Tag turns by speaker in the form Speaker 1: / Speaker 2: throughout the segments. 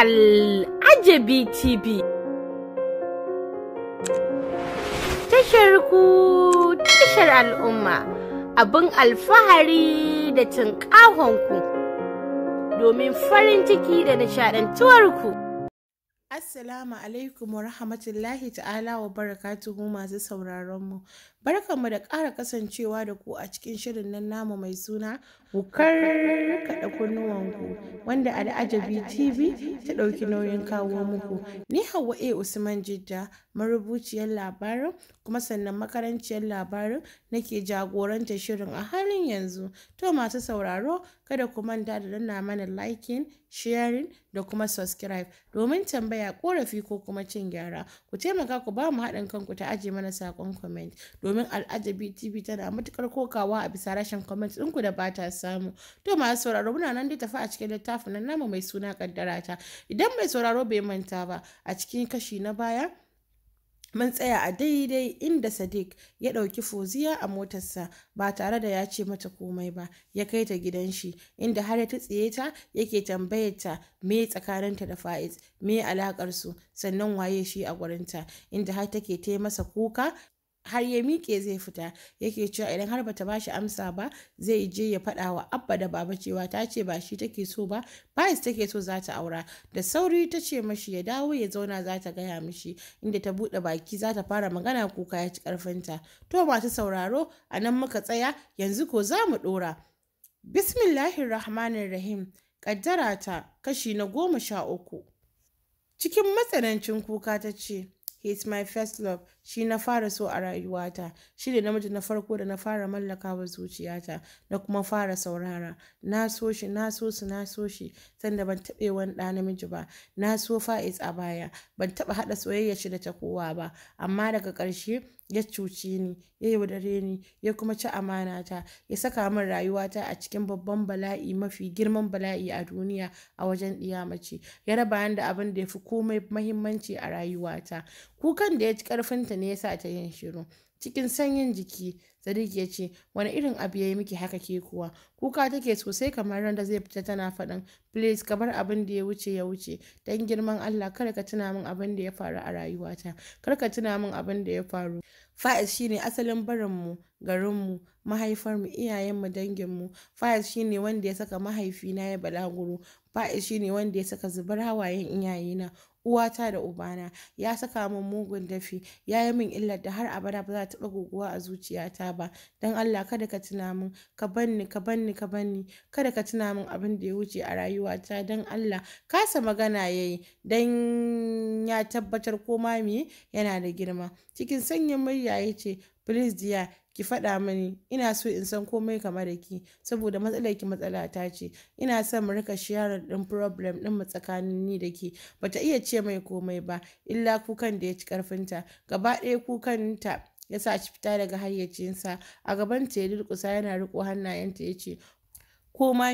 Speaker 1: Al'ajabi TV. Tashar ku tashar al'umma abin alfahari da ku domin farin ciki da nishaɗantuwarku ku. Assalamu alaikum wa rahmatullahi ta'ala wa barakatuhu masu sauraron mu. Barkanmu da ƙara kasancewa da ku a cikin shirin nan namu mai suna wukar kaɗa kunnuwanku wanda a da'ajabi TV ta ɗauki nauyin kawo muku. Ni Hauwa A Usman Jidda marubuciyar labarin kuma sannan makaranciyar labarin nake jagorantar shirin a halin yanzu. To masu sauraro kada ku manta da danna mana liking sharing da kuma subscribe domin tambaya korafi ko kuma cin gyara ku taimaka ku ba mu haɗin kanku ta aje mana saƙon comment domin al'ajabi tv tana matuƙar kokawa a bisa rashin comment ɗinku da ba ta samu to masu sauraro muna nan dai tafi a cikin littafin nan namu mai suna ta idan mai sauraro bai manta ba a cikin kashi na baya Mun tsaya a daidai inda Sadiq ya ɗauki foziya a motarsa ba tare da ya ce mata komai ba, ya kai ta gidan shi, inda har ya tsiye ta yake tambayar ta me tsakaninta da Fa'iz, me alakar su, sannan waye shi a gurinta, inda har take ta masa kuka har ya miƙe zai fita yake cewa idan har bata ba shi amsa ba zai je ya faɗa wa abba da baba cewa ta ce ba shi take so ba bayis take so za ta aura da sauri ta ce mashi ya dawo ya zauna za ta gaya mishi inda ta buɗe baki za ta fara magana kuka ya ci ƙarfinta to masu sauraro a nan muka tsaya yanzu ko za mu ɗora bismillahir rahmanir rahim ƙaddara ta kashi na goma sha uku cikin matsanancin kuka ta ce he's my first love shi na fara so a rayuwata shi ne namiji na farko da na fara mallakawa zuciyata na kuma fara saurara na so shi na so su na so shi sanda ban taɓe wani ɗa namiji ba na so fa'is a baya ban taɓa haɗa soyayya shi da ta kowa ba amma daga ƙarshe ya cuci ni ya yaudare ni ya kuma ci amanata ya saka min rayuwata a cikin babban bala'i mafi girman bala'i a duniya a wajen mace ya raba da abin da ya fi komai mahimmanci a rayuwata kukan da ya ci karfinta ne ya sa ta yin shiru cikin sanyin jiki sadiq ya ce wani irin abu ya yi miki haka ke kuwa kuka take sosai kamar ran zai fita tana faɗin please ka bar abin da ya wuce ya wuce dan girman allah kar ka tuna min abin da ya faru a rayuwata kar ka tuna min abin da ya faru faiz shine asalin barin mu garin mu garinmu mu iyayenmu mu faiz shine wanda ya saka mahaifina ya balaguro ba'i shi ne wanda ya saka zubar hawayen iyayena, uwata da ubana, ya saka min mugun dafi, ya yi min illar da har abada ba za ta taɓa guguwa a zuciyata ba. Don Allah kada ka tuna min, ka banni, ka banni, ka banni, kada ka tuna min abin da ya wuce a rayuwata don Allah. Kasa magana ya yi, don ya tabbatar ko ma yana da girma. Cikin sanyin murya ya ce, Please dear, ki faɗa mani ina so in san komai kamar da ki saboda matsalar ki matsala ta ce ina son mu rika sharar ɗin problem din mu tsakanin ni da ki bata iya ce mai komai ba illa kukan da ya ci karfinta gaba ɗaya kukan ta ya sa ci fita daga hayyacinsa a gaban ta ya durƙusa yana riƙo hannayenta ya ce ko ma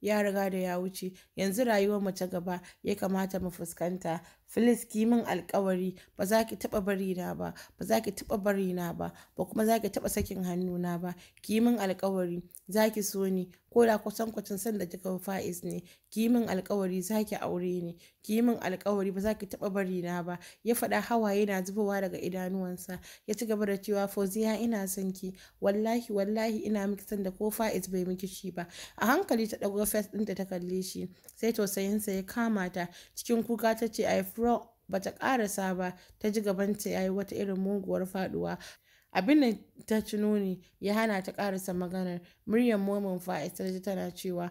Speaker 1: ya riga da ya wuce yanzu rayuwar mu ta gaba ya kamata mu fuskanta Filis ki min alkawari ba za ki taɓa bari na ba, ba za ki taɓa bari na ba, ba kuma za ki taɓa sakin hannu na ba. Ki min alkawari za ki so ni ko da kusan kwacin sanda kika fa'is ne. Ki min alkawari za ki aure ni. Ki min alkawari ba za ki taɓa bari na ba. Ya faɗa hawaye na zubowa daga idanuwansa. Ya ci gaba da cewa Fauziya ina son ki. Wallahi wallahi ina miki sanda ko fa'is bai miki shi ba. A hankali ta ɗago fes ɗinta ta kalle shi. Sai tausayinsa ya kama ta cikin kuka ta ce a ba ta karasa ba ta ji gabanta yayi wata irin muguwar faduwa abin da ta tuno ne ya hana ta karasa maganar muryar momin fa'is ta ji tana cewa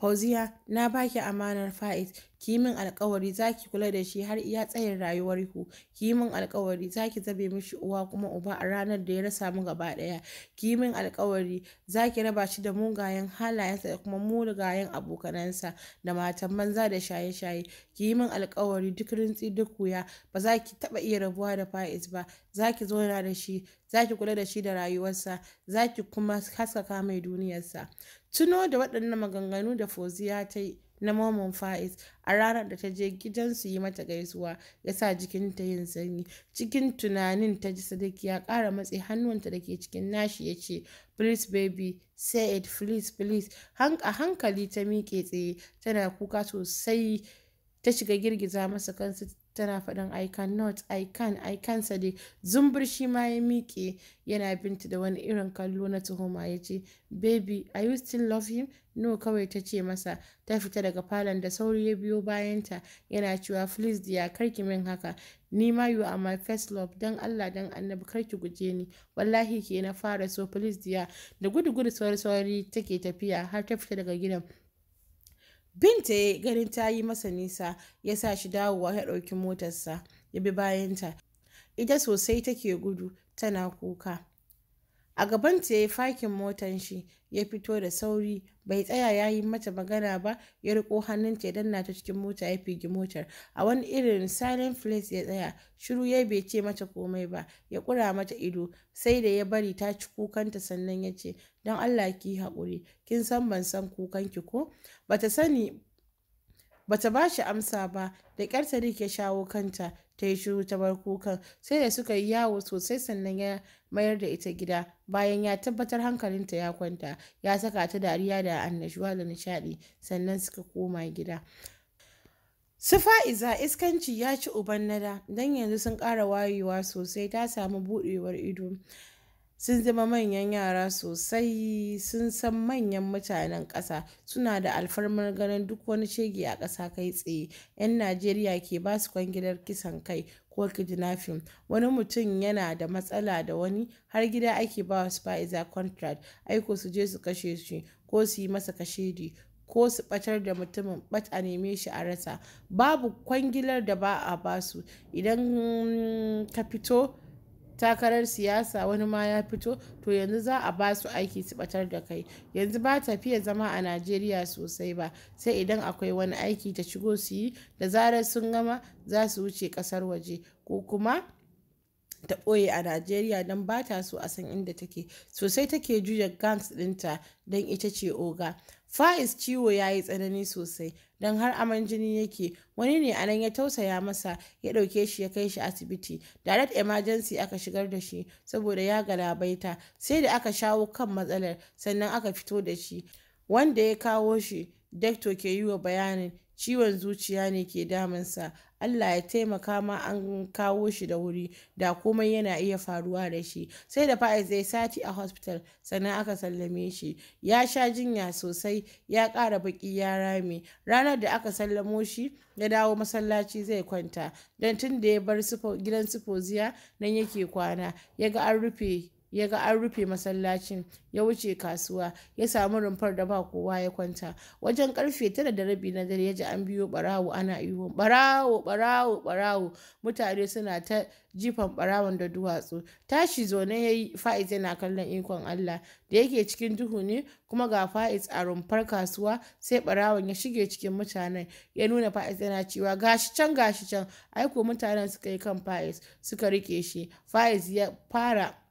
Speaker 1: fauziya na baki amanar fa'id. ki min alƙawari za ki kula da shi har iya tsayin rayuwarku ki yi min alƙawari za ki zabe mishi uwa kuma uba a ranar da ya rasa mu gaba ɗaya ki min alƙawari za ki raba shi da mugayen halayensa da kuma mugayen abokanansa da matan banza da shaye-shaye ki min alƙawari duk rintsi duk wuya ba za ki taɓa iya rabuwa da fa'iz ba za ki zauna da shi za ki kula da shi da rayuwarsa za ki kuma haskaka mai duniyarsa tuno da waɗannan maganganu da foziya ta yi na Maman Faiz a ranar da ta je gidan su yi mata gaisuwa ya sa jikin ta yin sanyi cikin tunanin ta ji sadaki ya ƙara matse hannuwanta da ke cikin nashi ya ce please baby say it please please a hankali ta miƙe tsaye tana kuka sosai ta shiga girgiza masa kansa tana faɗin i cannot i can i can sade zumbur shi ma ya miƙe yana binta da wani irin kallo na tuhuma ya ce baby are you still love him no kawai ta ce masa ta fita daga falon da sauri ya biyo bayanta yana cewa please dear karki min haka ni ma you are my first love dan Allah dan annabi karki guje ni wallahi ke na fara so please dear da gudu gudu sauri sauri take tafiya har ta fita daga gidan binta ya ganin ta yi masa nisa ya sa shi dawowa ya ɗauki motarsa ya bi bayanta ita sosai take gudu tana kuka a gabanta ya yi fakin motan shi ya fito da sauri bai tsaya ya yi mata magana ba ya riko ta ya danna ta cikin mota ya fige motar a wani irin silent place ya tsaya shiru ya bai ce mata komai ba ya kura mata ido sai da ya bari ta ci kukanta sannan ya ce don allah ki haƙuri kin san ban san kukan ki ko bata sani bata ba shi amsa ba da ƙyar Sadiq ya shawo kanta ta yi shiru ta bar kukan sai da suka yi yawo sosai sannan ya mayar da ita gida bayan ya tabbatar hankalinta ya kwanta ya saka ta dariya da annashuwa da nishaɗi sannan suka koma gida su fa'iza iskanci ya ci uban nada don yanzu sun ƙara wayewa sosai ta samu buɗewar ido sun zama manyan yara sosai sun san manyan mutanen ƙasa suna da alfarmar ganin duk wani shege a ƙasa kai tsaye 'yan najeriya ke ba su kwangilar kisan kai ko kidnapping wani mutum yana da matsala da wani har gida ake ba su fa'iza contract aiko su je su kashe shi ko su yi masa kashedi ko su ɓatar da mutumin bat a neme shi a rasa babu kwangilar da ba a basu idan ka fito takarar siyasa wani ma ya fito to yanzu za a ba su aiki su batar da kai yanzu ba ta fiye zama a najeriya sosai ba sai idan akwai wani aiki ta shigo su yi da zarar sun gama za su wuce kasar waje ko kuma ta ɓoye a Najeriya don ba ta so a san inda take sosai take juya gangs ɗinta don ita ce oga fais ciwo ya yi tsanani sosai don har aman jini yake wani ne anan ya tausaya masa ya ɗauke shi ya kai shi asibiti direct emergency aka shigar da shi saboda ya galabaita sai da aka shawo kan matsalar sannan aka fito da shi wanda ya kawo shi dakto ke yi wa bayanin ciwon zuciya ne ke damunsa Allah ya taimaka ma an kawo shi da wuri da komai yana iya faruwa da shi sai da faiz zai sati a hospital sannan aka sallame shi ya sha jinya sosai ya ƙara baƙi ya rame ranar da aka sallamo shi ya dawo masallaci zai kwanta don tun da ya bar gidan sufoziya nan yake kwana ya ga an rufe ya ga an rufe masallacin ya wuce kasuwa ya samu rumfar da ba kowa ya kwanta wajen karfe tara da rabi na dare ya ji an biyo barawo ana ihu barawo barawo barawo mutane suna ta jifan barawon da duwatsu tashi zaune ya yi fa'iz yana kallon ikon allah da yake cikin duhu ne kuma ga fa'iz a rumfar kasuwa sai barawon ya shige cikin mutanen ya nuna fa'iz yana cewa gashi can gashi can aiko mutanen suka yi kan fa'iz suka rike shi fa'iz ya fara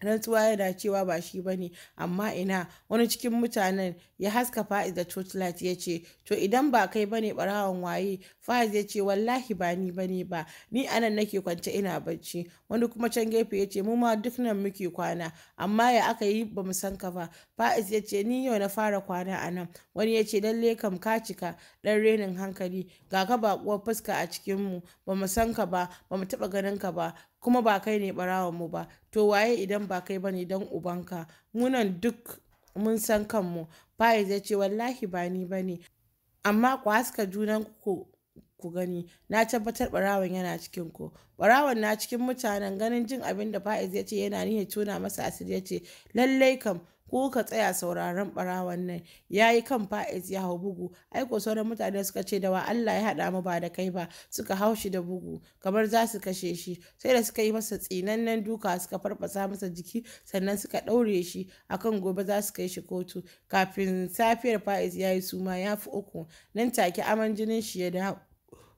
Speaker 1: rantsuwa yana cewa ba shi ba ne amma ina wani cikin mutanen ya haska fa'iz da torchlight ya ce to idan ba kai ba ne barawan waye fa'iz ya ce wallahi ba ni ba ne ba ni anan nake kwance ina bacci wani kuma can gefe ya ce mu ma duk nan muke kwana amma ya aka yi ba mu san ka ba fa'iz ya ce ni yau na fara kwana a nan wani ya ce lalle kam ka cika dan renin hankali ga ka baƙuwar fuska a cikin mu ba mu san ka ba ba mu taɓa ganin ka ba kuma ba kai ne barawan mu ba to waye idan ba kai bane dan ubanka munan duk mun san kanmu Faiz ya ce wallahi ba ni bane amma ku haska junan ku ku gani na tabbatar barawon yana cikin ku barawon na cikin mutanen ganin jin abin da Faiz ya ce yana niyyar tona masa asiri ya ce lallai kam ko ka tsaya sauraron ɓarawon nan ya yi kan fa'iz ya hau bugu aiko sauran mutane suka ce da wa Allah ya haɗa mu ba da kai ba suka hau shi da bugu kamar za su kashe shi sai da suka yi masa tsinannen duka suka farfasa masa jiki sannan suka ɗaure shi akan gobe za su kai shi kotu kafin safiyar fa'iz ya yi suma ya fi uku nan take aman jinin shi ya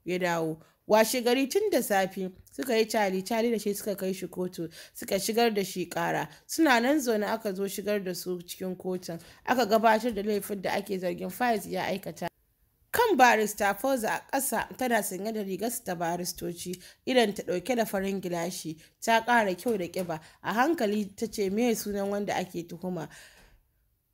Speaker 1: ya dawo washe gari tun da safe suka yi cali cali da shi suka kai shi kotu suka shigar da shi kara suna nan zaune aka zo shigar da su cikin kotun aka gabatar da laifin da ake zargin faiz ya aikata kan barista Fauza a ƙasa tana sanye da su ta baristoci idan ta ɗauke da farin gilashi ta ƙara kyau da ƙiba a hankali ta ce me sunan wanda ake tuhuma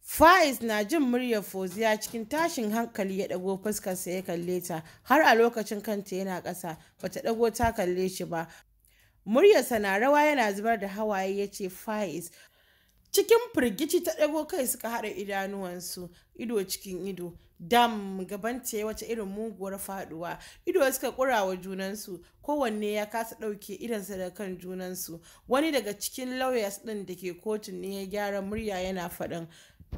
Speaker 1: Faiz na jin muryar foziya cikin tashin hankali ya ɗago fuskarsa ya kalle ta har a lokacin kanta yana ƙasa bata ɗago ta kalle shi ba. Muryarsa na rawa yana zubar da hawaye ya ce Faiz cikin firgici ta ɗago kai suka haɗa idanuwansu ido cikin ido dam gabanta ya wace irin muguwar faduwa ido suka kura wa junansu kowanne ya kasa ɗauke idansa da kan junansu wani daga cikin lawyers ɗin da ke kotun ne ya gyara murya yana faɗin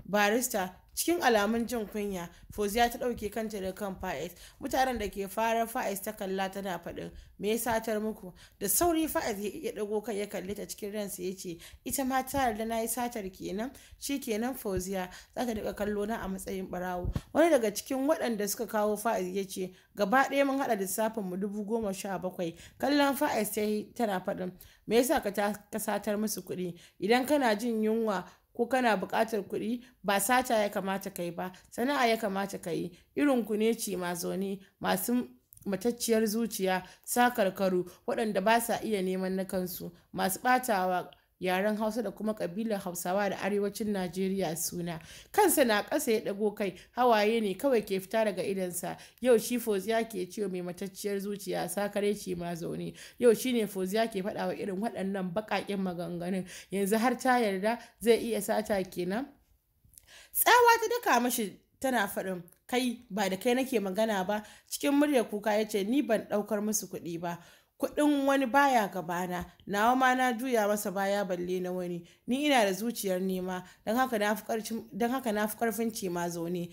Speaker 1: barista cikin alamun jin kunya fauziya ta ɗauke kanta da kan fa'is mutanen da ke fara fa'is ta kalla tana faɗin me ya satar muku da sauri fa'is ya ɗago kan ya kalli ta cikin ransa ya ce ita ma ta yarda na yi satar kenan shi kenan fauziya za ta daga kallo na a matsayin ɓarawo wani daga cikin waɗanda suka kawo fa'is ya ce gaba ɗaya mun haɗa lissafin mu dubu goma sha bakwai kallon fa'is ta tana faɗin me yasa ka satar musu kuɗi idan kana jin yunwa ko kana buƙatar kuɗi ba sata ya kamata ka ba sana'a ya kamata ka irin ku ne ci mazoni masu matacciyar zuciya sakarkaru waɗanda ba sa iya neman na kansu masu ɓatawa yaren hausa da kuma ƙabilar hausawa da arewacin najeriya suna kansa na ƙasa ya ɗago kai hawaye ne kawai ke fita daga idansa yau shi foziya ke ce mai matacciyar zuciya ce ma zaune yau shi ne foziya ke faɗawa irin waɗannan baƙaƙen maganganun yanzu har ta yarda zai iya sata kenan tsawa ta daka mashi tana faɗin kai ba da kai nake magana ba cikin muryar kuka ya ce ni ban ɗaukar musu kuɗi ba kuɗin wani baya gabana nawa ma na juya masa baya balle na wani ni ina da zuciyar nema don haka na fi ƙarfin zaune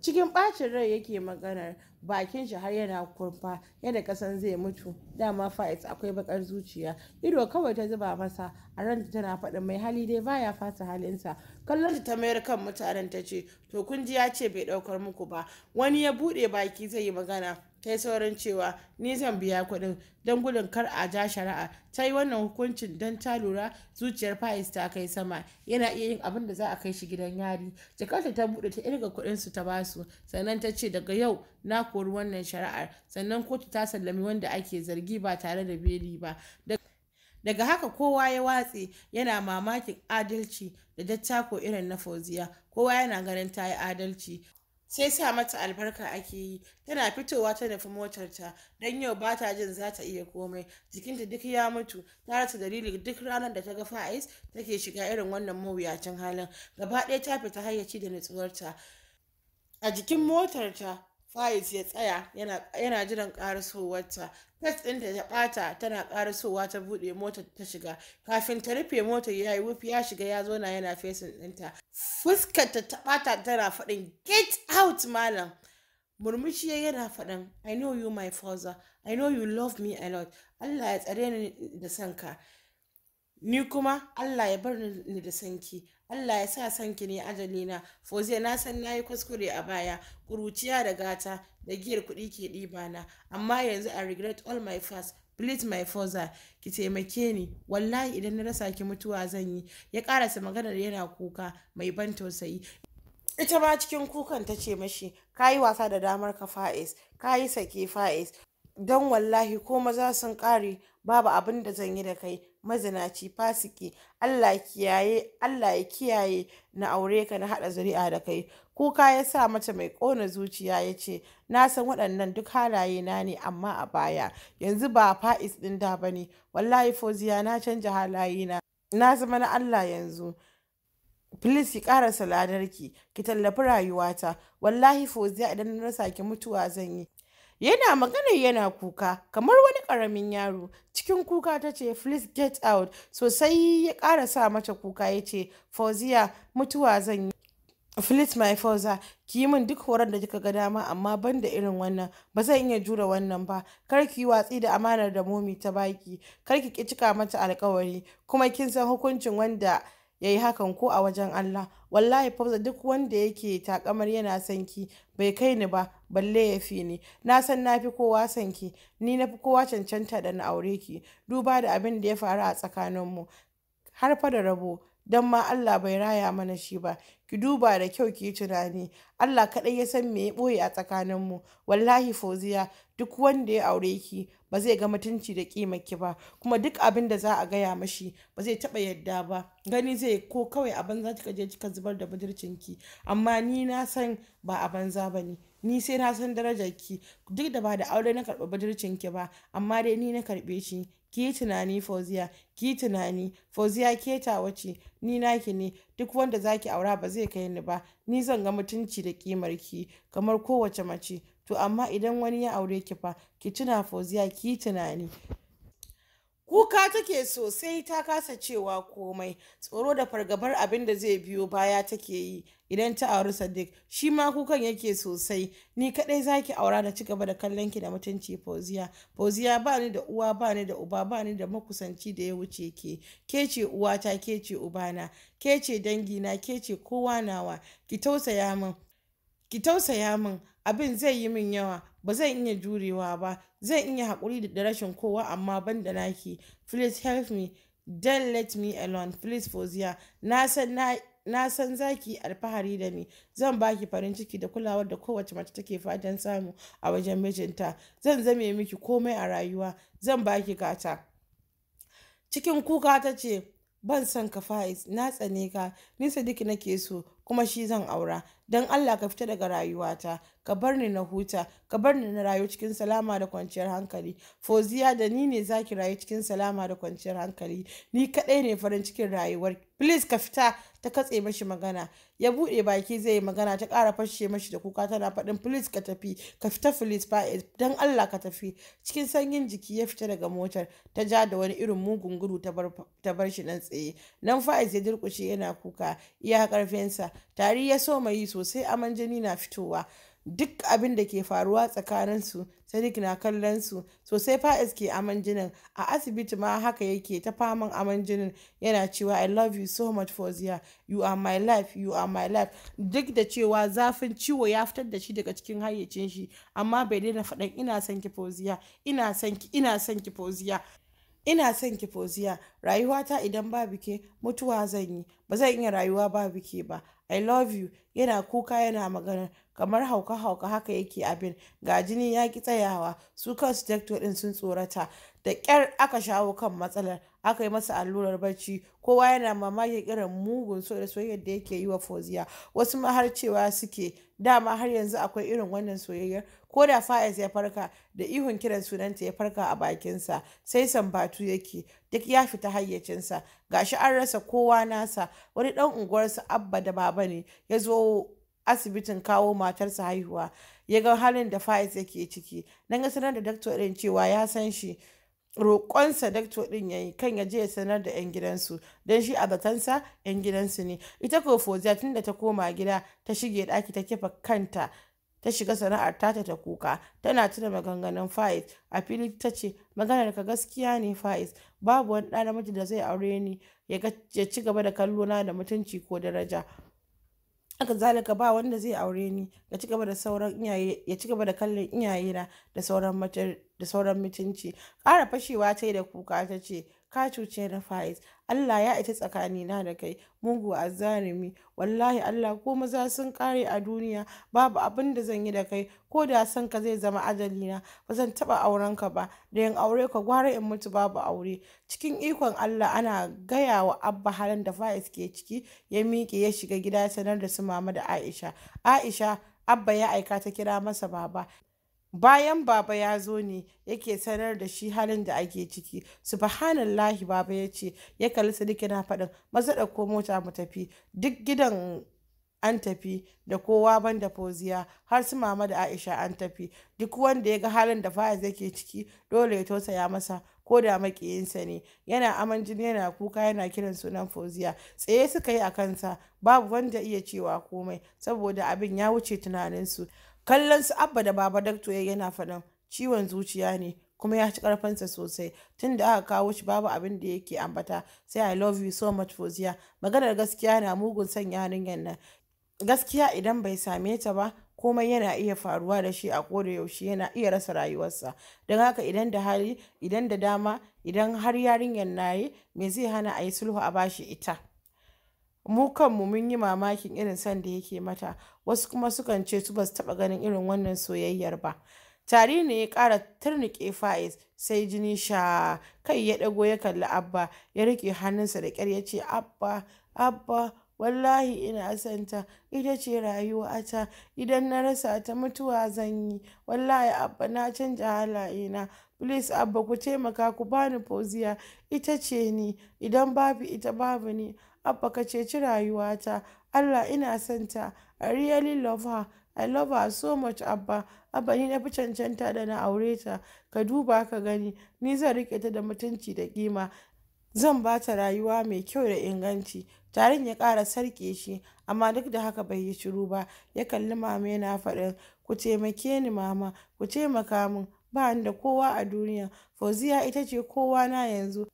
Speaker 1: cikin ɓacin rai yake maganar bakin shi har yana kurfa yadda kasan zai mutu dama fa'is akwai bakar zuciya ido kawai ta zuba masa a ranta tana faɗin mai hali dai baya fasa halinsa kallon ta mayar kan mutanen ta ce to kun ji ya ce bai ɗaukar muku ba wani ya buɗe baki zai yi magana ta yi saurin cewa ni zan biya kuɗin don gudun kar a ja shari'a ta yi wannan hukuncin don ta lura zuciyar fayis ta kai sama yana iya yin abin da za a kai shi gidan yari jakarta ta buɗe ta irga kuɗin su ta basu sannan ta ce daga yau na kori wannan shari'ar sannan kotu ta sallami wanda ake zargi ba tare da beli ba daga haka kowa ya watse yana mamakin adalci da dattako irin na fauziya kowa yana ganin ta yi adalci sai sa mata albarka ake yi tana fitowa ta nufi motarta don yau ba ta jin za ta iya komai jikinta duk ya mutu ta rasa dalili duk ranar da ta ga fa'is take shiga irin wannan mawuyacin halin gaba ɗaya ta fita hayyaci da nutsuwarta a jikin motarta Faiz ya tsaya yana jiran karasowarta. Fes ɗinta ta ɓata tana karasowa ta buɗe motar ta shiga. Kafin ta rufe motar ya yi wufi ya shiga ya zauna yana fesin ɗinta. Fuskarta ta ɓata tana faɗin get out malam. Murmushi yana faɗin I know you my father. I know you love me a lot. Allah ya tsare ni da sanka. Ni kuma Allah ya bar ni da sanki. Allah ya sa son ki ne ajalina foze na san na yi kuskure a baya kuruciya da gata da giyar kuɗi ke ɗiba na amma yanzu I regret all my past please my father ki taimake ni wallahi idan na rasa ki mutuwa zan yi ya ƙarasa maganar yana kuka mai ban tausayi ita ma cikin kukan ta ce mashi ka yi wasa da damar ka fa'is ka yi sake fa'is don wallahi ko maza sun ƙare babu abin da zan yi da kai mazinaci fasiki Allah Allah ya kiyaye na aure ka na haɗa zuri'a da kai kuka ya sa mata mai ƙona zuciya ya ce na san waɗannan duk halaye na ne amma a baya yanzu ba fa'is ɗin da ba ne wallahi foziya na canja halaye na na zama na Allah yanzu Filis ki ƙara saladarki, ki tallafi rayuwata, wallahi foziya idan na rasa ki mutuwa zan yi. Yana magana yana kuka kamar wani karamin yaro. Cikin kuka ta ce, Please get out. Sosai ya ƙara sa mata kuka ya ce, Fauziya mutuwa zan yi. Flit my fauza ki yi min duk horar da kika ga dama amma ban da irin wannan ba zan iya jure wannan ba kar ki yi watsi da amanar da momi ta baki kar ki ki cika mata alkawari kuma kin san hukuncin wanda ya yi hakan ko a wajen Allah wallahi fafza duk wanda yake takamar yana son ki bai kai ni ba balle ya fi ni na san na fi kowa son ki ni na fi kowa cancanta da na aure ki duba da abin da ya faru a tsakaninmu har fa da rabo don ma Allah bai raya mana shi ba ki duba da kyau ki yi tunani Allah kaɗai ya san me ya ɓoye a tsakanin mu wallahi fauziya duk wanda ya aure ki ba zai ga mutunci da kima ki ba kuma duk abin da za a gaya mashi ba zai taɓa yadda ba gani zai ko kawai a banza kika je kika zubar da budurcin ki amma ni na san ba a banza ba ne ni sai na san darajar ki duk da ba da aure na karɓi budurcin ki ba amma dai ni na karɓe shi ki yi tunani fauziya ki yi tunani fauziya keta wace ni naki ne duk wanda zaki aura ba zai kai ni ba ni zan ga mutunci da kimar ki kamar kowace mace to amma idan wani ya aure ki fa ki tuna fauziya ki yi tunani kuka take sosai ta kasa cewa komai tsoro da fargabar abin da zai biyo baya take yi idan ta auri sadiq shi ma kukan yake sosai ni kadai zaki aura da ci gaba da kallon ki da mutunci fauziya fauziya ba ni da uwa ba ni da uba ba ni da makusanci da ya wuce ke ke ce uwata ke ce ubana ke ce na ke ce kowa nawa ki tausaya min ki tausaya min abin zai yi min yawa ba zan iya jurewa ba zan iya haƙuri da rashin kowa amma ban da naki please help me don't let me alone please fozia na san na san zaki alfahari da ni zan baki farin ciki da kulawar da kowace mace take fatan samu a wajen mijinta zan zame miki komai a rayuwa zan baki gata cikin kuka ta ce ban san ka faiz na tsane ka ni sadiki nake so kuma shi zan aura don Allah ka fita daga rayuwata ka bar ni na huta ka bar ni na rayu cikin salama da kwanciyar hankali foziya da ni ne zaki rayu cikin salama da kwanciyar hankali ni kaɗai ne farin cikin rayuwar please ka fita ta katse mashi magana ya buɗe baki zai yi magana ta kara fashe mashi da kuka tana faɗin filis ka tafi ka fita filis fa'iz eh, don allah ka tafi cikin sanyin jiki ya fita daga motar ta ja da wani irin mugun gudu ta bar shi nan tsaye nan fa'iz ya durƙushe yana kuka iya ƙarfinsa tari ya so mai yi sosai aman jini na fitowa duk abin da ke faruwa tsakaninsu sadiq na kallon su sosai fa'is ke aman jinin a asibiti ma haka yake ta faman aman jinin yana cewa i love you so much fozia you are my life you are my life duk da cewa zafin ciwo ya fitar da shi daga cikin hayyacin shi amma bai daina faɗan ina son ki fozia ina son ki ina son ki fozia ina son ki fozia rayuwata idan ba bike mutuwa zan yi ba zan iya rayuwa ba bike ba i love you yana kuka yana magana kamar hauka-hauka haka yake abin ga jini ya ki tsayawa su kan dakto ɗin sun tsorata da ƙyar aka shawo kan matsalar aka yi masa allurar barci kowa yana mamaki irin mugun so da soyayyar da yake yi wa foziya wasu ma har cewa suke dama har yanzu akwai irin wannan soyayyar ko da faiz ya farka da ihun kiran sunanta ya farka a bakinsa sai sambatu yake duk ya fita hayyacinsa ga shi an rasa kowa nasa wani dan unguwarsa abba da baba ne ya zo asibitin kawo matarsa haihuwa ya ga halin da faiz yake ciki na ga sanar da dakto ɗin cewa ya san shi roƙonsa dakto ɗin ya yi kan ya je ya sanar da 'yan gidansu don shi a batansa 'yan gidansu ne ita ko fozia tun da ta koma gida ta shige ɗaki ta kefa kanta ta shiga sana'ar ta ta kuka tana tuna maganganun faiz a fili ta ce maganar ka gaskiya ne faiz babu wani ɗan namiji da zai aure ni ya ci gaba da kallona da mutunci ko daraja haka zalika ba wanda zai aure ni ya ci gaba da sauran iyaye ya ci gaba da kallon iyayena da sauran mutunci ƙara fashewa ta da kuka ta ce ka cuce na Faiz Allah ya ita tsakanina da kai mugu a azzalimi wallahi Allah ko maza sun kare a duniya babu abin da zan yi da kai ko da san ka zai zama ajalina ba zan taɓa auren ka ba da yin aure ka gwara in mutu babu aure cikin ikon Allah ana gaya wa abba halin da Faiz ke ciki ya miƙe ya shiga gida sanar da su mama da Aisha Aisha abba ya aika ta kira masa baba bayan baba ya zo ne yake sanar da shi halin da ake ciki subhanallahi baba ya ce ya kalli sadiki na faɗin maza da ko mota mu tafi duk gidan an tafi da kowa ban da foziya har su mama da aisha an tafi duk wanda ya ga halin da fayaz yake ciki dole ya tausaya masa ko da makiyinsa ne yana aman jini yana kuka yana kiran sunan foziya tsaye suka yi a kansa babu wanda iya cewa komai saboda abin ya wuce tunaninsu kallon su abba da baba dakto ya yana faɗin ciwon zuciya ne kuma ya ci karfansa sosai tun da aka kawo shi babu abin da yake ambata sai i love you so much fozia maganar gaskiya na mugun son yarinyar nan gaskiya idan bai same ta ba komai yana iya faruwa da shi a koda yaushe yana iya rasa rayuwarsa don haka idan da hali idan da dama idan har yarinyar na yi me zai hana a yi sulhu a bashi ita mu kanmu mun yi mamakin irin son da yake mata wasu kuma sukan ce su basu su taɓa ganin irin wannan soyayyar ba tari ne ya ƙara turnike faiz sai jini sha kai ya ɗago ya kalli abba ya rike hannunsa da ƙyar ya ce abba abba wallahi ina santa ita ce rayuwa rayuwata idan na rasa ta mutuwa zan yi wallahi abba na canja halayena please abba ku taimaka ku bani poziya ita ce ni idan babu ita babu ni Abba ka ceci rayuwata, Allah ina son ta, I really love her, I love her so much Abba, Abba ni na fi cancanta da na aure ta, ka duba ka gani, ni zan riƙe ta da mutunci da kima, zan ba ta rayuwa mai kyau da inganci. Tarin ya ƙara sarƙe shi, amma duk da haka bai yi shiru ba, ya kalli mama yana faɗin, ku taimake ni mama, ku taimaka min, ba da kowa a duniya, Fauziya ita ce kowa na yanzu,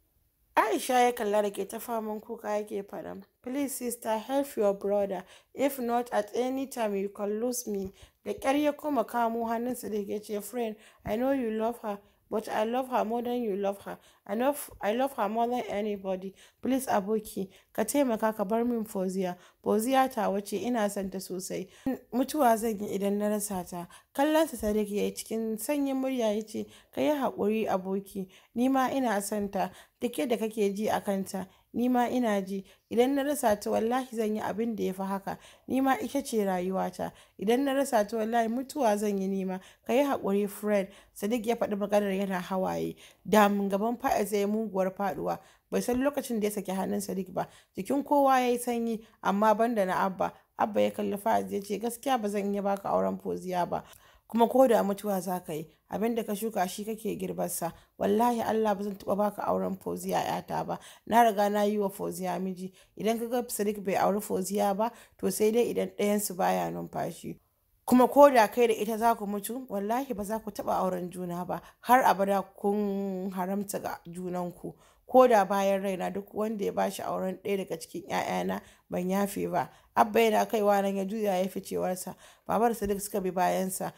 Speaker 1: Aisha ya kalla da ke ta faman kuka yake faɗan, Please sister help your brother, if not at any time you can lose me. Da ƙyar ya kuma kamo hannunsa da ke ce, Friend, I know you love her, But I love her more than you love her. I love, I love her more than anybody. Please aboki, ka taimaka ka bar min fozia Fozia ta wace ina son ta sosai. Mutuwa zan yi idan na rasa ta. kallon sa Sadiq yayi cikin sanyin murya yace ce, ka yi haƙuri aboki, ni ma ina son ta, duk da kake ji a kanta. nima ina ji idan na rasa ta wallahi zan yi abin da ya fi haka nima ma ita ce rayuwata idan na rasa ta wallahi mutuwa zan yi nima ka yi haƙuri fred sadiq ya faɗi maganar yana hawaye damun gaban fa'a yi muguwar faɗuwa bai san lokacin da ya saki hannun sadiq ba jikin kowa ya yi sanyi amma banda na abba abba ya kalli fa'az ya ce gaskiya ba zan iya baka auren poziya ba kuma ko da mutuwa za ka yi abin da ka shuka shi kake girbarsa wallahi Allah ba zan taɓa baka auren foziya yata ba na riga na yi wa foziya miji idan ka ga Sadiq bai auri foziya ba to sai dai idan ɗayansu baya numfashi kuma ko da kai da ita za ku mutu wallahi ba za ku taɓa auren juna ba har abada kun haramta ga junanku ko da bayan raina duk wanda ya bashi auren ɗaya daga cikin 'ya'yana ban yafe ba abba yana kaiwa nan ya juya ya fi cewarsa babar sadiq suka bi bayansa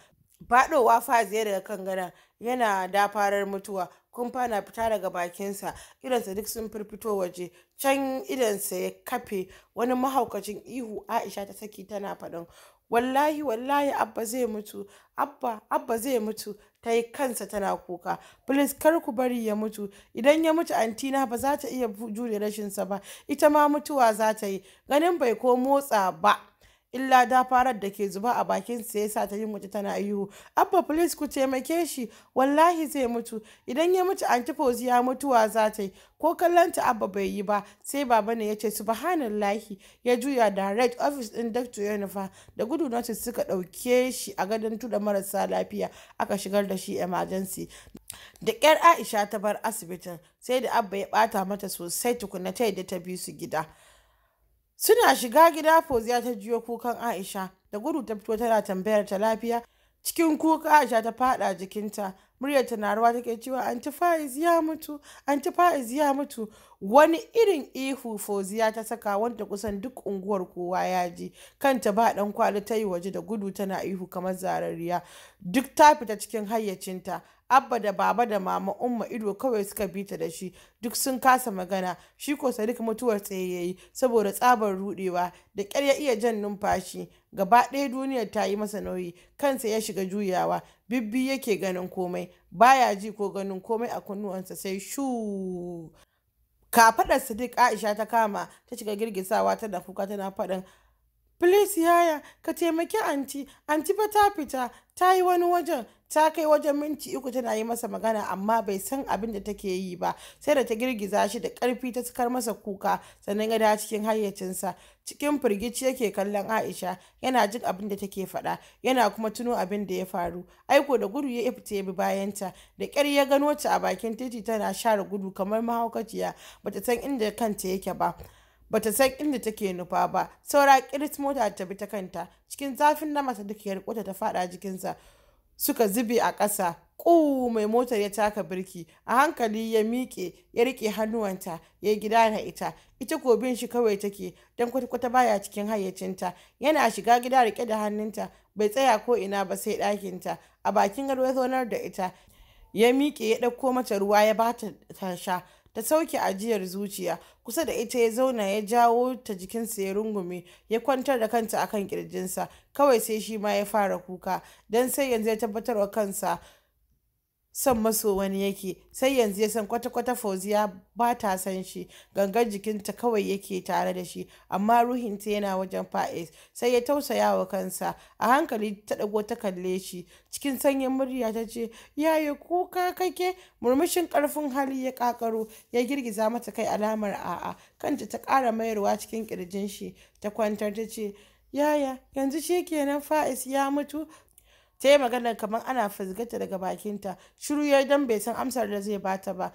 Speaker 1: faɗowa zai daga kan gana yana dafarar mutuwa kumfa na fita daga bakinsa idonsa duk sun firfito waje can idonsa ya kafe wani mahaukacin ihu aisha ta saki tana faɗin wallahi wallahi abba zai mutu abba abba zai mutu ta yi kansa tana kuka please kar ku bari ya mutu idan ya mutu antina ba za ta iya jure rashinsa ba ita ma mutuwa za ta yi ganin bai ko motsa ba illa da farar da ke zuba a bakin sa yasa ta yi mutu tana ihu abba please ku taimake shi wallahi zai mutu idan ya mutu antifos ya mutuwa za ta yi ko kallon ta abba bai yi ba sai baba ne ya ce subhanallahi ya juya da red office din dr yunifa da gudu notice suka ɗauke shi a gadon tuda marasa lafiya aka shigar da shi emergency da ƙyar aisha ta bar asibitin sai da abba ya bata mata sosai tukuna ta yadda ta bi su gida Suna shiga gida Fauziya ta jiyo kukan Aisha da gudu ta fito tana tambayar ta lafiya cikin kuka Aisha ta fada jikinta muryar ta na rawa take cewa antifaiz ya mutu antifaiz ya mutu wani irin ihu foziya ta saka wanda kusan duk unguwar kowa ya ji kanta ba dan kwali ta yi waje da gudu tana ihu kamar zarariya duk ta fita cikin hayyacinta abba da baba da mama umma ido kawai suka bi ta da shi duk sun kasa magana shi ko sadiq mutuwar tsaye yayi saboda tsabar rudewa da kyar ya iya jan numfashi gaba ɗaya duniyar ta yi masa nauyi kansa ya shiga juyawa bibbi yake ganin komai baya ji ko ganin komai a kunnuwansa sai shu kafaɗar sadiq aisha ta kama ta shiga girgisawa tana kuka tana faɗin Please yaya ka taimaki anti, anti fa ta fita ta yi wani wajen ta kai wajen minti uku tana yi masa magana amma bai san abin da take yi ba sai da ta girgiza shi da karfi ta sukar masa kuka sannan ya da cikin hayyacinsa cikin firgici yake kallon Aisha yana jin abin da take faɗa yana kuma tuno abin da ya faru aiko da gudu ya fita ya bi bayanta da ƙyar ya gano ta a bakin titi tana share gudu kamar mahaukaciya bata san inda kanta yake ba Ba ta san inda take nufa ba saura kiris mota ta bi ta kanta cikin zafin na masa duk yar rikota ta fada jikinsa suka zube a ƙasa Ku mai motar ya taka birki a hankali ya miƙe ya riƙe hannuwanta ya gida na ita ita ko bin shi kawai take dan kwata-kwata baya cikin hayyacinta yana shiga gida rike da hannunta bai tsaya ko ina ba sai ɗakinta a bakin gado ya zonar da ita ya miƙe ya ɗauko mata ruwa ya bata ta sha ta sauke ajiyar zuciya kusa da ita ya zauna ya jawo ta jikinsa ya rungume ya kwantar da kanta akan kirjinsa kawai sai shi ma ya fara kuka don sai yanzu ya tabbatar wa kansa son maso wani yake sai yanzu ya san kwata-kwata fauziya ba ta san shi gangar jikinta kawai yake tare da shi amma ruhinta yana wajen fa'is sai ya tausaya wa kansa a hankali ta ɗago ta kalle shi cikin sanyin murya ta ce yaya kuka kake murmushin ƙarfin hali ya ƙaƙaro ya girgiza mata kai alamar a'a kanta ta ƙara mayarwa cikin ƙirjin shi ta kwantar ta ce yaya yanzu shi kenan fa'is ya mutu ta yi magana kamar ana fizgata daga bakinta shiru ya don bai san amsar da zai bata ba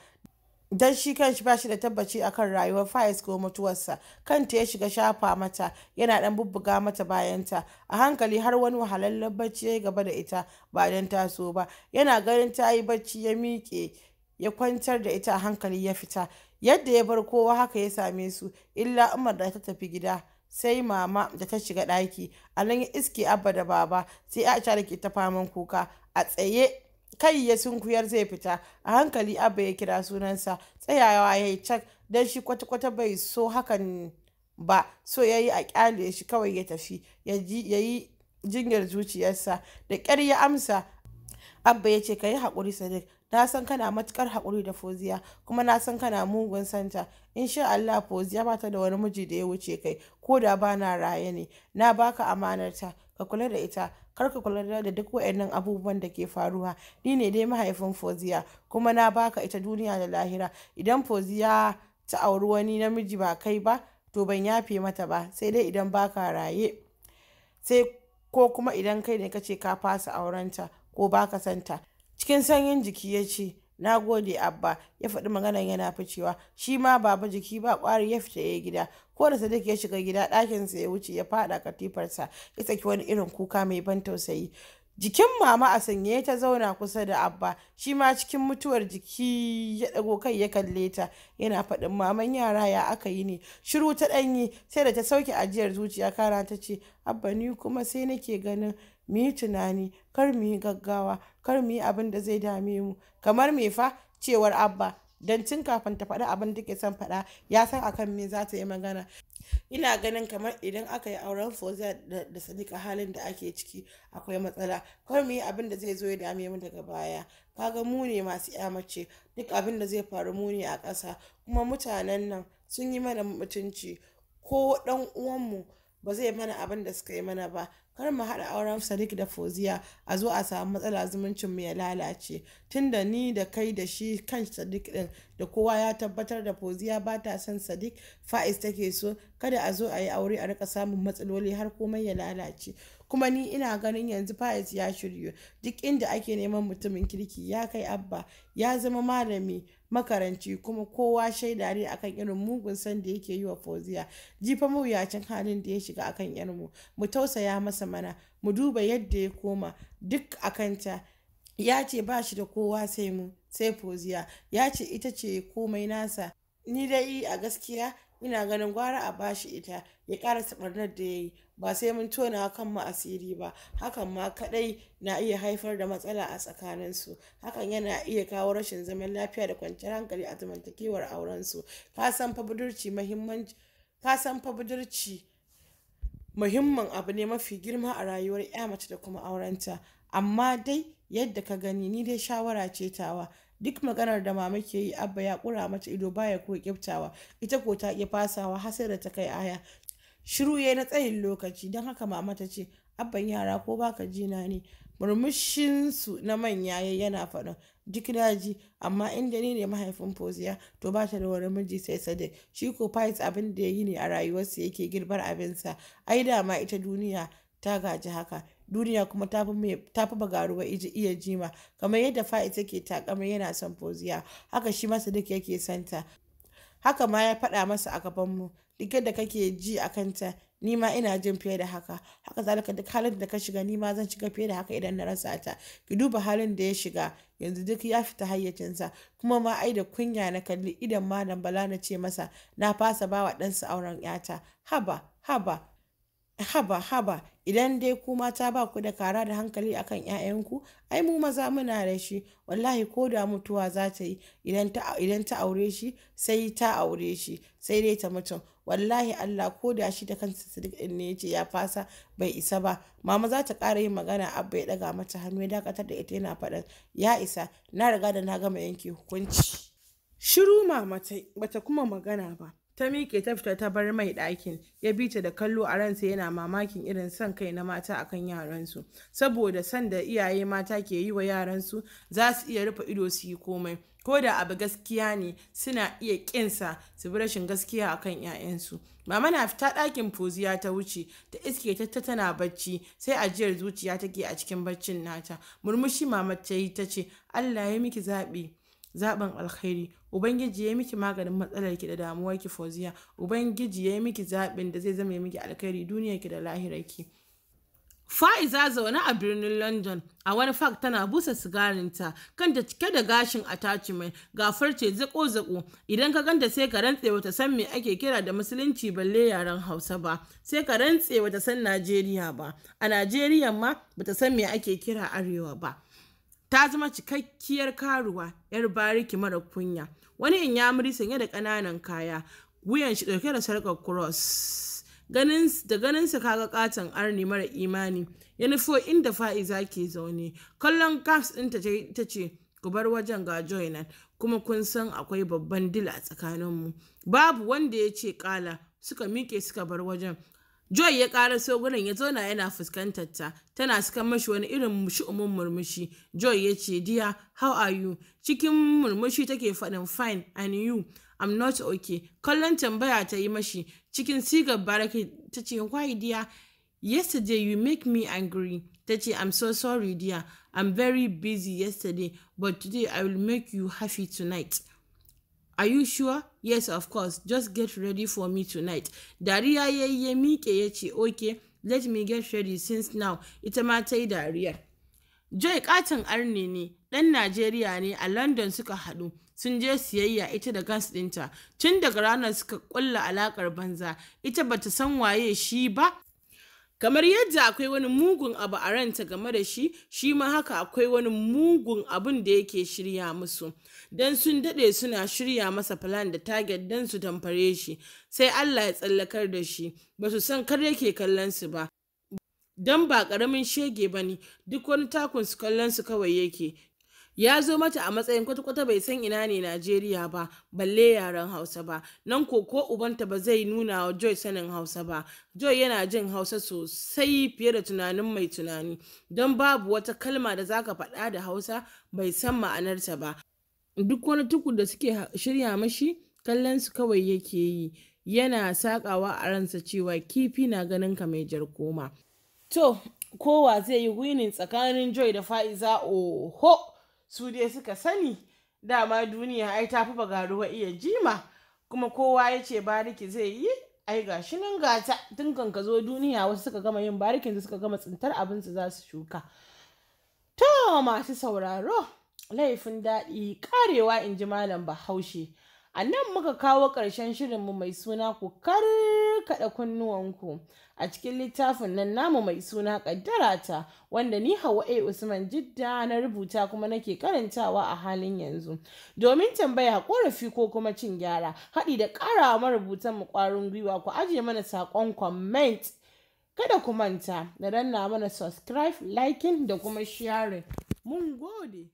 Speaker 1: dan shi kanshi ba shi da tabbaci akan rayuwar fayis ko mutuwarsa kanta ya shiga shafa mata yana dan bubbuga mata bayanta a hankali har wani wahalallen bacci ya gaba da ita ba dan taso ba yana ganin ta yi bacci ya miƙe ya kwantar da ita a hankali ya fita yadda ya bar kowa haka ya same su illa umar da ta tafi gida sai mama da ta shiga ɗaki a nan ya iske abba da baba sai aisha da ke ta faman kuka a tsaye kai ya sunkuyar zai fita a hankali abba ya kira sunansa tsayawa ya yi cak don shi kwata-kwata bai so hakan ba so ya yi a kyale shi kawai ya tafi ya yi jinyar zuciyarsa da ƙyar ya amsa abba ya ce ka yi haƙuri sadiq na san kana matukar haƙuri da Foziya kuma na san kana mugun santa sha Allah Foziya ba ta da wani miji da ya wuce kai ko da ba na raye ne na baka amanarta ka kula da ita kar ka kula da duk wa'annan abubuwan da ke faruwa ni ne dai mahaifin Foziya kuma na baka ita duniya da lahira idan Foziya ta auri wani namiji ba kai ba to ban yafe mata ba sai dai idan baka raye sai ko kuma idan kai ne kace ka fasa aurenta ko baka santa cikin sanyin jiki ya ce na gode abba ya faɗi magana yana ficewa shi ma baba jiki ba ƙwari ya fita ya gida ko da sadiq ya shiga gida ɗakinsa ya wuce ya faɗa katifarsa ya saki wani irin kuka mai ban tausayi jikin mama a sanye ta zauna kusa da abba shi ma cikin mutuwar jiki ya ɗago kai ya kalle ta yana faɗin maman yara ya aka yi ne shiru ta ɗanyi sai da ta sauke ajiyar zuciya kara ta ce abba ni kuma sai nake ganin mu tunani kar mu yi gaggawa kar mu yi abin da zai dame mu kamar me fa cewar abba don tun kafin ta faɗi abin da ke son faɗa ya san akan me za ta yi magana ina ganin kamar idan aka yi auren fozia da sadiqa halin da ake ciki akwai matsala kar mu yi abin da zai zo ya dame mu daga baya kaga mu ne masu ya mace duk abin da zai faru mu ne a ƙasa kuma mutanen nan sun yi mana mutunci ko ɗan uwanmu ba zai mana abin da suka yi mana ba kar mu haɗa auren sadiq da foziya a zo a samu matsala zumuncin mu ya lalace tunda ni da kai da shi kan sadiq din da kowa ya tabbatar da foziya ba ta son sadiq fa'is take so kada a zo a yi aure a rika samun matsaloli har komai ya lalace kuma ni ina ganin yanzu fa'is ya shiryu duk inda ake neman mutumin kirki ya kai abba ya zama malami makaranci kuma kowa shaida ne akan irin mugun san da yake yi wa foziya jifa mawuyacin halin da ya shiga akan yarmu mu tausaya masa mana mu duba yadda ya koma duk akanta ya ce ba shi da kowa sai mu sai foziya ya ce ita ce komai nasa ni dai a gaskiya ina ganin gwara a bashi ita ya karasa barnar da ya yi ba sai mun tona kan mu asiri ba hakan ma kadai na iya haifar da matsala a tsakaninsu hakan yana iya kawo rashin zaman lafiya da kwanciyar hankali a zamantakewar aurensu ka san fa budurci muhimman muhimmin abu ne mafi girma a rayuwar ya mace da kuma aurenta amma dai yadda ka gani ni dai shawara ce tawa duk maganar da mama ke yi abba ya kura mata ido baya ko kyautawa ita ko ta iya fasawa har sai da ta kai aya shiru yayi na tsayin lokaci don haka mama ta ce abban yara ko baka jina ne murmushin su na manya yana faɗin duk daji amma inda ni ne mahaifin foziya to ba ta da wani miji sai sadai shi ko fight abin da yayi ne a rayuwarsa yake girbar abinsa ai da ma ita duniya ta gaji haka duniya kuma ta fi bagaruwa iya jima kamar yadda fa'i take takamar yana son foziya haka shi masa duk yake santa haka ma ya faɗa masa a gabanmu duk yadda kake ji a kanta ni ma ina jin fiye da haka haka zalika duk halin da ka shiga ni ma zan shiga fiye da haka idan na rasa ta ki duba halin da ya shiga yanzu duk ya fita hayyacinsa kuma ma ai da kunya na kalli idan ma malam bala na ce masa na fasa bawa ɗansa auren yata haba haba haba haba idan dai ku mata ba ku da kara da hankali akan 'ya'yanku ai mu maza muna da shi wallahi ko da mutuwa za ta yi idan ta aure shi sai ta aure shi sai dai ta mutum wallahi Allah ko da shi da kansa Sadiq duk ne yace ya fasa bai isa ba mama za ta ƙara yin magana abba ya daga mata hannu ya dakatar da ita yana faɗan ya isa na riga da na gama yanke hukunci shiru mama bata kuma magana ba ta miƙe ta fita ta bar mai ɗakin ya bi ta da kallo a ransa yana mamakin irin son kai na mata akan yaransu saboda son da iyaye mata ke yi wa yaransu za su iya rufe ido su yi komai ko da abu gaskiya ne suna iya ƙinsa su bi rashin gaskiya akan 'ya'yansu mama na fita ɗakin foziya ta wuce ta iske ta tana bacci sai ajiyar zuciya take a cikin baccin nata murmushi mama ta yi ta ce allah ya miki zaɓi zaɓin alkhairi ubangiji ya miki maganin matsalar ki da damuwar ki fozia ubangiji ya miki zaɓin da zai zama miki alkhairi duniyar ki da lahirar ki Fa'iza zaune a birnin London a wani fak tana busa sigarinta kanta cike da gashin attachment gafar ce zako-zako idan ka ganta sai ka rantse wata san me ake kira da musulunci balle yaren Hausa ba sai ka rantse wata san Najeriya ba a Najeriya ma bata san me ake kira arewa ba ta zama cikakkiyar karuwa yar bariki mara kunya wani in ya muri sanye da ƙananan kaya wuyan shi ɗauke da sarƙar cross da ganinsa kaga katon arni mara imani ya nufo inda fa'iza ke zaune kallon caps ɗinta ta ce ku bar wajen ga joinan kuma kun san akwai babban dila a tsakaninmu babu wanda ya ce kala suka miƙe suka bar wajen Joy ya ƙaraso gurin ya zauna yana fuskantar ta, tana suka mashi wani irin mushiumin murmushi. Joy ya ce, "Dear, how are you?" Cikin murmushi take faɗin fine and you, I'm not okay. Kallon tambaya ta yi mashi cikin sigar baraki ta ce, "Why dear? Yesterday you make me angry." Ta ce, "I'm so sorry dear, I'm very busy yesterday, but today I will make you happy tonight." Are you sure? Yes, of course. Just get ready for me tonight. Dariya ya yi ya miƙe ya ce, Okay, let me get ready since now. Ita ma ta yi dariya. Joy katin arne ne, ɗan Najeriya ne a London suka haɗu. Sun je siyayya ita da gas ɗinta. Tun daga ranar suka ƙulla alaƙar banza, ita bata san waye shi ba, kamar yadda akwai wani mugun abu a ranta game da shi shi ma haka akwai wani mugun abun da yake shirya musu don sun daɗe suna shirya masa plan da target don su tamfare shi sai allah ya tsallakar da shi ba su san kar yake kallon su ba don ba ƙaramin shege ba ne duk wani takun su kallon su kawai yake ya zo mata a matsayin kwata-kwata bai san ina ne Najeriya ba balle yaren Hausa ba nan ko ko ubanta ba zai nuna wa Joy sanin Hausa ba Joy yana jin Hausa sosai fiye da tunanin mai tunani don babu wata kalma da zaka faɗa da Hausa bai san ma'anarta ba duk wani tuku da suke shirya mashi kallon su kawai yake yi yana sakawa a ransa cewa kifi na ganin ka mai jar koma to kowa zai yi winin tsakanin joy da fa'iza oho su dai suka sani dama duniya ai ta fi bagaruwa iya jima kuma kowa ya ce bariki zai yi ai ga shi nan gata tun ka zo duniya wasu suka gama yin barikin suka gama tsintar su za su shuka to masu sauraro laifin daɗi karewa in ji malam bahaushe A nan muka kawo ƙarshen shirinmu mai suna ku karkaɗa kunnuwanku a cikin littafin nan namu mai suna ƙaddarata wanda ni Hawa A Usman Jidda na rubuta kuma nake karantawa a halin yanzu. Domin tambaya ƙorafi ko kuma cin gyara haɗi da ƙara wa marubutan mu ƙwarin gwiwa ku ajiye mana saƙon comment kada ku manta na danna mana subscribe liking da kuma sharing. Mun gode.